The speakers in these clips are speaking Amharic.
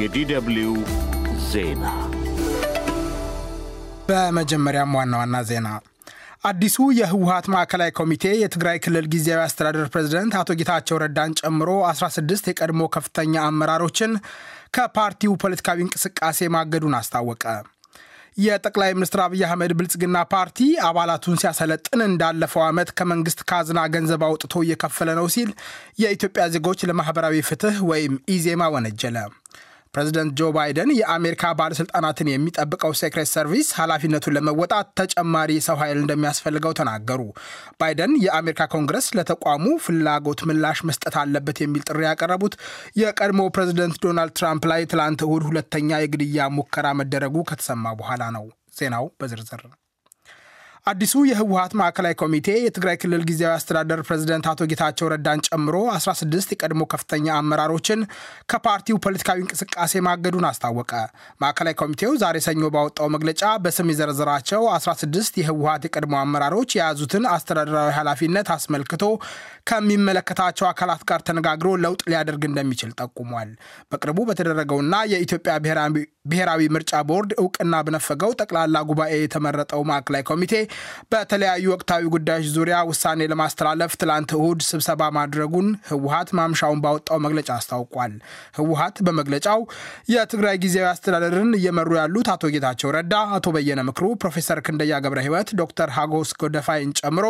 የዲደብልዩ ዜና በመጀመሪያም ዋና ዋና ዜና አዲሱ የህወሀት ማዕከላዊ ኮሚቴ የትግራይ ክልል ጊዜያዊ አስተዳደር ፕሬዝደንት አቶ ጌታቸው ረዳን ጨምሮ 16 የቀድሞ ከፍተኛ አመራሮችን ከፓርቲው ፖለቲካዊ እንቅስቃሴ ማገዱን አስታወቀ። የጠቅላይ ሚኒስትር አብይ አህመድ ብልጽግና ፓርቲ አባላቱን ሲያሰለጥን እንዳለፈው ዓመት ከመንግስት ካዝና ገንዘብ አውጥቶ እየከፈለ ነው ሲል የኢትዮጵያ ዜጎች ለማኅበራዊ ፍትህ ወይም ኢዜማ ወነጀለ። ፕሬዚደንት ጆ ባይደን የአሜሪካ ባለስልጣናትን የሚጠብቀው ሴክሬት ሰርቪስ ኃላፊነቱን ለመወጣት ተጨማሪ የሰው ኃይል እንደሚያስፈልገው ተናገሩ። ባይደን የአሜሪካ ኮንግረስ ለተቋሙ ፍላጎት ምላሽ መስጠት አለበት የሚል ጥሪ ያቀረቡት የቀድሞ ፕሬዚደንት ዶናልድ ትራምፕ ላይ ትላንት እሁድ ሁለተኛ የግድያ ሙከራ መደረጉ ከተሰማ በኋላ ነው። ዜናው በዝርዝር አዲሱ የህወሀት ማዕከላዊ ኮሚቴ የትግራይ ክልል ጊዜያዊ አስተዳደር ፕሬዝደንት አቶ ጌታቸው ረዳን ጨምሮ 16 የቀድሞ ከፍተኛ አመራሮችን ከፓርቲው ፖለቲካዊ እንቅስቃሴ ማገዱን አስታወቀ። ማዕከላዊ ኮሚቴው ዛሬ ሰኞ ባወጣው መግለጫ በስም የዘረዘራቸው 16 የህወሀት የቀድሞ አመራሮች የያዙትን አስተዳደራዊ ኃላፊነት አስመልክቶ ከሚመለከታቸው አካላት ጋር ተነጋግሮ ለውጥ ሊያደርግ እንደሚችል ጠቁሟል። በቅርቡ በተደረገውና የኢትዮጵያ ብሔራዊ ምርጫ ቦርድ እውቅና በነፈገው ጠቅላላ ጉባኤ የተመረጠው ማዕከላዊ ኮሚቴ በተለያዩ ወቅታዊ ጉዳዮች ዙሪያ ውሳኔ ለማስተላለፍ ትላንት እሁድ ስብሰባ ማድረጉን ህወሀት ማምሻውን ባወጣው መግለጫ አስታውቋል። ህወሀት በመግለጫው የትግራይ ጊዜያዊ አስተዳደርን እየመሩ ያሉት አቶ ጌታቸው ረዳ፣ አቶ በየነ ምክሩ፣ ፕሮፌሰር ክንደያ ገብረ ህይወት፣ ዶክተር ሀጎስ ጎደፋይን ጨምሮ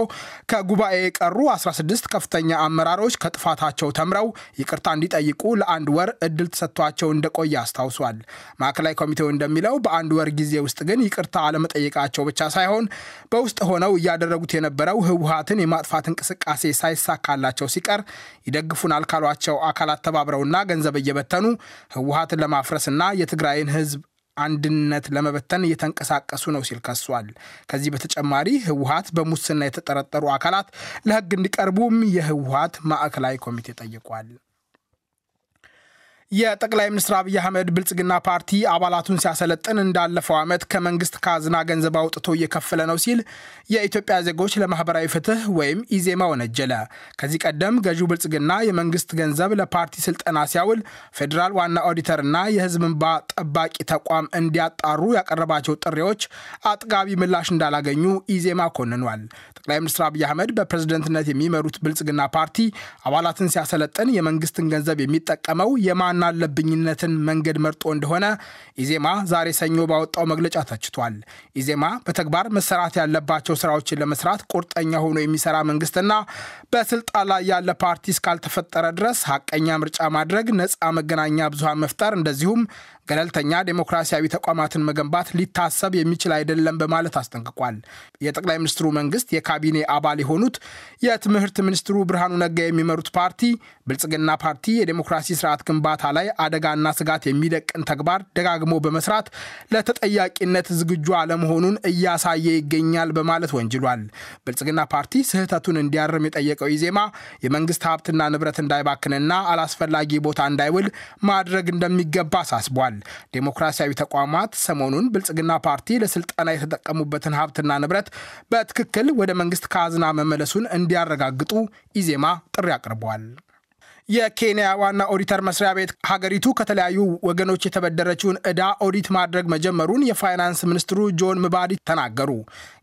ከጉባኤ የቀሩ 16 ከፍተኛ አመራሮች ከጥፋታቸው ተምረው ይቅርታ እንዲጠይቁ ለአንድ ወር እድል ተሰጥቷቸው እንደቆየ አስታውሷል። ማዕከላዊ ኮሚቴው እንደሚለው በአንድ ወር ጊዜ ውስጥ ግን ይቅርታ አለመጠየቃቸው ብቻ ሳይሆን ውስጥ ሆነው እያደረጉት የነበረው ህወሀትን የማጥፋት እንቅስቃሴ ሳይሳካላቸው ሲቀር ይደግፉናል ካሏቸው አካላት ተባብረውና ገንዘብ እየበተኑ ህወሀትን ለማፍረስና የትግራይን ህዝብ አንድነት ለመበተን እየተንቀሳቀሱ ነው ሲል ከሷል። ከዚህ በተጨማሪ ህወሀት በሙስና የተጠረጠሩ አካላት ለህግ እንዲቀርቡም የህወሀት ማዕከላዊ ኮሚቴ ጠይቋል። የጠቅላይ ሚኒስትር አብይ አህመድ ብልጽግና ፓርቲ አባላቱን ሲያሰለጥን እንዳለፈው ዓመት ከመንግስት ካዝና ገንዘብ አውጥቶ እየከፈለ ነው ሲል የኢትዮጵያ ዜጎች ለማህበራዊ ፍትህ ወይም ኢዜማ ወነጀለ። ከዚህ ቀደም ገዢው ብልጽግና የመንግስት ገንዘብ ለፓርቲ ስልጠና ሲያውል ፌዴራል ዋና ኦዲተርና የህዝብ እንባ ጠባቂ ተቋም እንዲያጣሩ ያቀረባቸው ጥሪዎች አጥጋቢ ምላሽ እንዳላገኙ ኢዜማ ኮንኗል። ጠቅላይ ሚኒስትር አብይ አህመድ በፕሬዝደንትነት የሚመሩት ብልጽግና ፓርቲ አባላትን ሲያሰለጥን የመንግስትን ገንዘብ የሚጠቀመው የማን የቀናና አለብኝነትን መንገድ መርጦ እንደሆነ ኢዜማ ዛሬ ሰኞ ባወጣው መግለጫ ተችቷል። ኢዜማ በተግባር መሰራት ያለባቸው ስራዎችን ለመስራት ቁርጠኛ ሆኖ የሚሰራ መንግስትና በስልጣን ላይ ያለ ፓርቲ እስካልተፈጠረ ድረስ ሀቀኛ ምርጫ ማድረግ፣ ነፃ መገናኛ ብዙሃን መፍጠር እንደዚሁም ገለልተኛ ዴሞክራሲያዊ ተቋማትን መገንባት ሊታሰብ የሚችል አይደለም በማለት አስጠንቅቋል። የጠቅላይ ሚኒስትሩ መንግስት የካቢኔ አባል የሆኑት የትምህርት ሚኒስትሩ ብርሃኑ ነጋ የሚመሩት ፓርቲ ብልጽግና ፓርቲ የዴሞክራሲ ስርዓት ግንባታ ላይ አደጋና ስጋት የሚደቅን ተግባር ደጋግሞ በመስራት ለተጠያቂነት ዝግጁ አለመሆኑን እያሳየ ይገኛል በማለት ወንጅሏል። ብልጽግና ፓርቲ ስህተቱን እንዲያርም የጠየቀው ኢዜማ የመንግስት ሀብትና ንብረት እንዳይባክንና አላስፈላጊ ቦታ እንዳይውል ማድረግ እንደሚገባ አሳስቧል። ተናግረዋል። ዴሞክራሲያዊ ተቋማት ሰሞኑን ብልጽግና ፓርቲ ለስልጠና የተጠቀሙበትን ሀብትና ንብረት በትክክል ወደ መንግስት ካዝና መመለሱን እንዲያረጋግጡ ኢዜማ ጥሪ አቅርቧል። የኬንያ ዋና ኦዲተር መስሪያ ቤት ሀገሪቱ ከተለያዩ ወገኖች የተበደረችውን ዕዳ ኦዲት ማድረግ መጀመሩን የፋይናንስ ሚኒስትሩ ጆን ምባዲ ተናገሩ።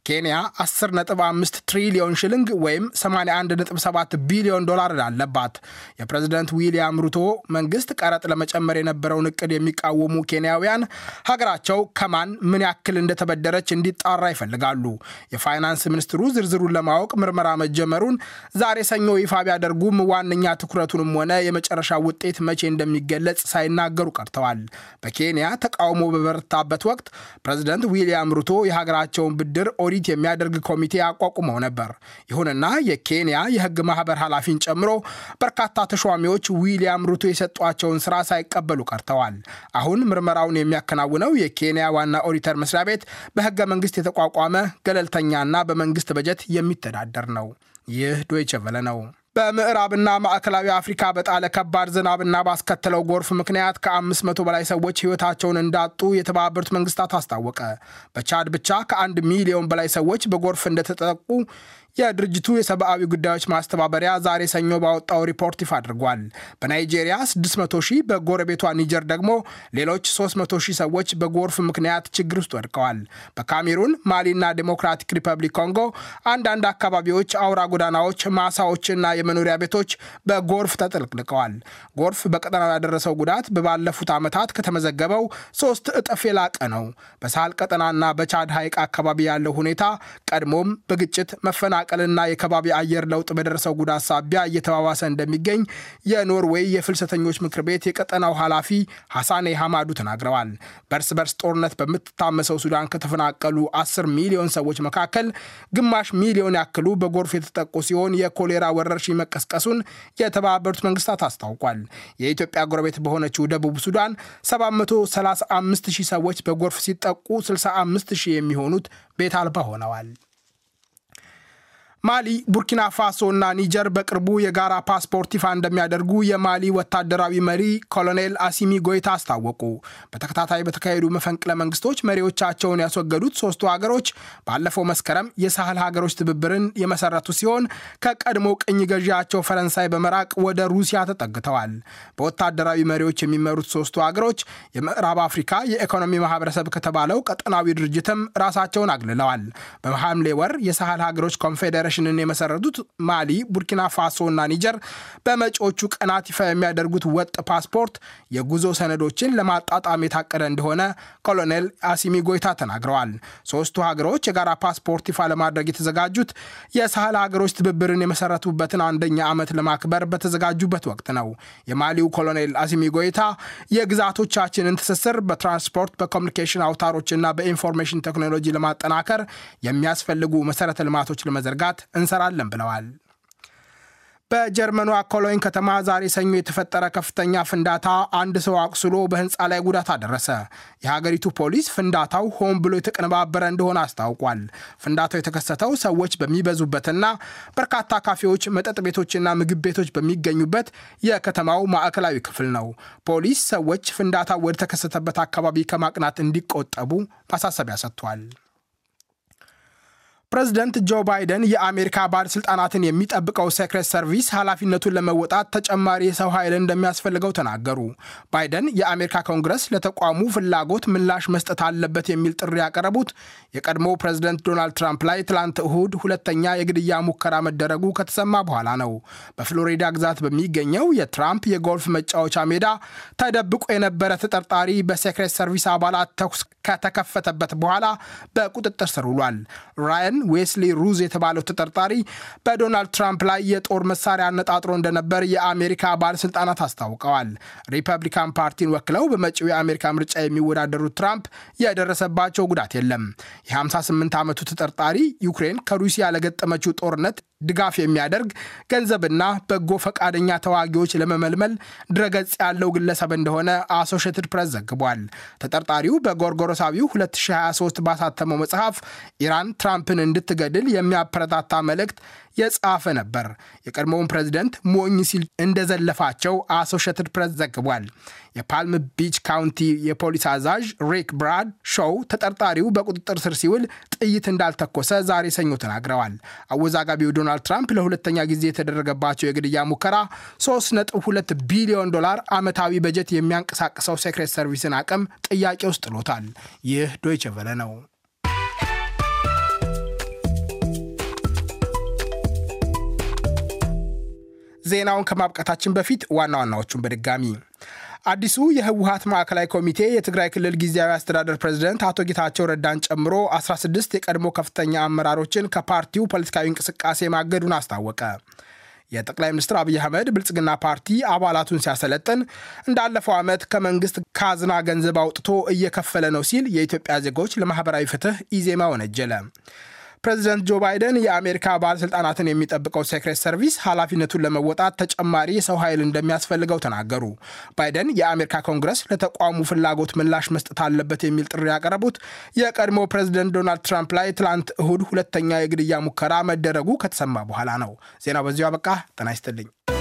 ኬንያ 10.5 ትሪሊዮን ሽልንግ ወይም 81.7 ቢሊዮን ዶላር ዕዳ አለባት። የፕሬዝደንት ዊልያም ሩቶ መንግስት ቀረጥ ለመጨመር የነበረውን እቅድ የሚቃወሙ ኬንያውያን ሀገራቸው ከማን ምን ያክል እንደተበደረች እንዲጣራ ይፈልጋሉ። የፋይናንስ ሚኒስትሩ ዝርዝሩን ለማወቅ ምርመራ መጀመሩን ዛሬ ሰኞ ይፋ ቢያደርጉም ዋነኛ ትኩረቱንም ሆነ የመጨረሻ ውጤት መቼ እንደሚገለጽ ሳይናገሩ ቀርተዋል። በኬንያ ተቃውሞ በበረታበት ወቅት ፕሬዝደንት ዊልያም ሩቶ የሀገራቸውን ብድር ኦዲት የሚያደርግ ኮሚቴ አቋቁመው ነበር። ይሁንና የኬንያ የሕግ ማህበር ኃላፊን ጨምሮ በርካታ ተሿሚዎች ዊልያም ሩቶ የሰጧቸውን ስራ ሳይቀበሉ ቀርተዋል። አሁን ምርመራውን የሚያከናውነው የኬንያ ዋና ኦዲተር መስሪያ ቤት በህገ መንግስት የተቋቋመ ገለልተኛና በመንግስት በጀት የሚተዳደር ነው። ይህ ዶይቸ ቨለ ነው። በምዕራብና ማዕከላዊ አፍሪካ በጣለ ከባድ ዝናብና ባስከተለው ጎርፍ ምክንያት ከ500 በላይ ሰዎች ሕይወታቸውን እንዳጡ የተባበሩት መንግስታት አስታወቀ። በቻድ ብቻ ከአንድ ሚሊዮን በላይ ሰዎች በጎርፍ እንደተጠቁ የድርጅቱ የሰብአዊ ጉዳዮች ማስተባበሪያ ዛሬ ሰኞ ባወጣው ሪፖርት ይፋ አድርጓል። በናይጄሪያ 600 ሺህ፣ በጎረቤቷ ኒጀር ደግሞ ሌሎች 300 ሺህ ሰዎች በጎርፍ ምክንያት ችግር ውስጥ ወድቀዋል። በካሜሩን፣ ማሊና ዴሞክራቲክ ሪፐብሊክ ኮንጎ አንዳንድ አካባቢዎች አውራ ጎዳናዎች፣ ማሳዎችና የመኖሪያ ቤቶች በጎርፍ ተጥለቅልቀዋል። ጎርፍ በቀጠናው ያደረሰው ጉዳት በባለፉት ዓመታት ከተመዘገበው ሶስት እጥፍ የላቀ ነው። በሳህል ቀጠናና በቻድ ሐይቅ አካባቢ ያለው ሁኔታ ቀድሞም በግጭት መፈናቀል መፈናቀልና የከባቢ አየር ለውጥ በደረሰው ጉዳት ሳቢያ እየተባባሰ እንደሚገኝ የኖርዌይ የፍልሰተኞች ምክር ቤት የቀጠናው ኃላፊ ሐሳኔ ሐማዱ ተናግረዋል። በእርስ በርስ ጦርነት በምትታመሰው ሱዳን ከተፈናቀሉ 10 ሚሊዮን ሰዎች መካከል ግማሽ ሚሊዮን ያክሉ በጎርፍ የተጠቁ ሲሆን የኮሌራ ወረርሽኝ መቀስቀሱን የተባበሩት መንግስታት አስታውቋል። የኢትዮጵያ ጎረቤት በሆነችው ደቡብ ሱዳን 735 ሺህ ሰዎች በጎርፍ ሲጠቁ 65 ሺህ የሚሆኑት ቤት አልባ ሆነዋል። ማሊ፣ ቡርኪና ፋሶ እና ኒጀር በቅርቡ የጋራ ፓስፖርት ይፋ እንደሚያደርጉ የማሊ ወታደራዊ መሪ ኮሎኔል አሲሚ ጎይታ አስታወቁ። በተከታታይ በተካሄዱ መፈንቅለ መንግስቶች መሪዎቻቸውን ያስወገዱት ሶስቱ ሀገሮች ባለፈው መስከረም የሳህል ሀገሮች ትብብርን የመሰረቱ ሲሆን ከቀድሞ ቅኝ ገዢያቸው ፈረንሳይ በመራቅ ወደ ሩሲያ ተጠግተዋል። በወታደራዊ መሪዎች የሚመሩት ሶስቱ ሀገሮች የምዕራብ አፍሪካ የኢኮኖሚ ማህበረሰብ ከተባለው ቀጠናዊ ድርጅትም ራሳቸውን አግልለዋል። በሐምሌ ወር የሳህል ሀገሮች ኮንፌዴሬሽን ፌዴሬሽንን የመሰረቱት ማሊ፣ ቡርኪና ፋሶ እና ኒጀር በመጪዎቹ ቀናት ይፋ የሚያደርጉት ወጥ ፓስፖርት የጉዞ ሰነዶችን ለማጣጣም የታቀደ እንደሆነ ኮሎኔል አሲሚ ጎይታ ተናግረዋል። ሶስቱ ሀገሮች የጋራ ፓስፖርት ይፋ ለማድረግ የተዘጋጁት የሳህል ሀገሮች ትብብርን የመሰረቱበትን አንደኛ ዓመት ለማክበር በተዘጋጁበት ወቅት ነው። የማሊው ኮሎኔል አሲሚ ጎይታ የግዛቶቻችንን ትስስር በትራንስፖርት በኮሚኒኬሽን አውታሮችና በኢንፎርሜሽን ቴክኖሎጂ ለማጠናከር የሚያስፈልጉ መሰረተ ልማቶች ለመዘርጋት እንሰራለን ብለዋል። በጀርመኗ ኮሎኝ ከተማ ዛሬ ሰኞ የተፈጠረ ከፍተኛ ፍንዳታ አንድ ሰው አቁስሎ በህንፃ ላይ ጉዳት አደረሰ። የሀገሪቱ ፖሊስ ፍንዳታው ሆን ብሎ የተቀነባበረ እንደሆነ አስታውቋል። ፍንዳታው የተከሰተው ሰዎች በሚበዙበትና በርካታ ካፌዎች፣ መጠጥ ቤቶችና ምግብ ቤቶች በሚገኙበት የከተማው ማዕከላዊ ክፍል ነው። ፖሊስ ሰዎች ፍንዳታው ወደ ተከሰተበት አካባቢ ከማቅናት እንዲቆጠቡ ማሳሰቢያ ሰጥቷል። ፕሬዝደንት ጆ ባይደን የአሜሪካ ባለስልጣናትን የሚጠብቀው ሴክሬት ሰርቪስ ኃላፊነቱን ለመወጣት ተጨማሪ የሰው ኃይል እንደሚያስፈልገው ተናገሩ። ባይደን የአሜሪካ ኮንግረስ ለተቋሙ ፍላጎት ምላሽ መስጠት አለበት የሚል ጥሪ ያቀረቡት የቀድሞ ፕሬዝደንት ዶናልድ ትራምፕ ላይ ትላንት እሁድ ሁለተኛ የግድያ ሙከራ መደረጉ ከተሰማ በኋላ ነው። በፍሎሪዳ ግዛት በሚገኘው የትራምፕ የጎልፍ መጫወቻ ሜዳ ተደብቆ የነበረ ተጠርጣሪ በሴክሬት ሰርቪስ አባላት ተኩስ ከተከፈተበት በኋላ በቁጥጥር ስር ውሏል። ራያን ዌስሊ ሩዝ የተባለው ተጠርጣሪ በዶናልድ ትራምፕ ላይ የጦር መሳሪያ አነጣጥሮ እንደነበር የአሜሪካ ባለስልጣናት አስታውቀዋል። ሪፐብሊካን ፓርቲን ወክለው በመጪው የአሜሪካ ምርጫ የሚወዳደሩት ትራምፕ የደረሰባቸው ጉዳት የለም። የ58 ዓመቱ ተጠርጣሪ ዩክሬን ከሩሲያ ለገጠመችው ጦርነት ድጋፍ የሚያደርግ ገንዘብና በጎ ፈቃደኛ ተዋጊዎች ለመመልመል ድረገጽ ያለው ግለሰብ እንደሆነ አሶሽትድ ፕሬስ ዘግቧል። ተጠርጣሪው በጎርጎሮሳዊው 2023 ባሳተመው መጽሐፍ ኢራን ትራምፕን እንድትገድል የሚያበረታታ መልእክት የጻፈ ነበር። የቀድሞውን ፕሬዚደንት ሞኝ ሲል እንደዘለፋቸው አሶሽትድ ፕሬስ ዘግቧል። የፓልም ቢች ካውንቲ የፖሊስ አዛዥ ሪክ ብራድ ሾው ተጠርጣሪው በቁጥጥር ስር ሲውል ጥይት እንዳልተኮሰ ዛሬ ሰኞ ተናግረዋል። አወዛጋቢው ዶናልድ ትራምፕ ለሁለተኛ ጊዜ የተደረገባቸው የግድያ ሙከራ 3.2 ቢሊዮን ዶላር ዓመታዊ በጀት የሚያንቀሳቅሰው ሴክሬት ሰርቪስን አቅም ጥያቄ ውስጥ ጥሎታል። ይህ ዶይቸ ቨለ ነው። ዜናውን ከማብቃታችን በፊት ዋና ዋናዎቹን በድጋሚ አዲሱ የህወሀት ማዕከላዊ ኮሚቴ የትግራይ ክልል ጊዜያዊ አስተዳደር ፕሬዝደንት አቶ ጌታቸው ረዳን ጨምሮ 16 የቀድሞ ከፍተኛ አመራሮችን ከፓርቲው ፖለቲካዊ እንቅስቃሴ ማገዱን አስታወቀ። የጠቅላይ ሚኒስትር አብይ አህመድ ብልጽግና ፓርቲ አባላቱን ሲያሰለጥን እንዳለፈው ዓመት ከመንግስት ካዝና ገንዘብ አውጥቶ እየከፈለ ነው ሲል የኢትዮጵያ ዜጎች ለማህበራዊ ፍትህ ኢዜማ ወነጀለ። ፕሬዚደንት ጆ ባይደን የአሜሪካ ባለስልጣናትን የሚጠብቀው ሴክሬት ሰርቪስ ኃላፊነቱን ለመወጣት ተጨማሪ የሰው ኃይል እንደሚያስፈልገው ተናገሩ። ባይደን የአሜሪካ ኮንግረስ ለተቋሙ ፍላጎት ምላሽ መስጠት አለበት የሚል ጥሪ ያቀረቡት የቀድሞ ፕሬዚደንት ዶናልድ ትራምፕ ላይ ትላንት እሁድ ሁለተኛ የግድያ ሙከራ መደረጉ ከተሰማ በኋላ ነው። ዜናው በዚሁ አበቃ። ጤና ይስጥልኝ።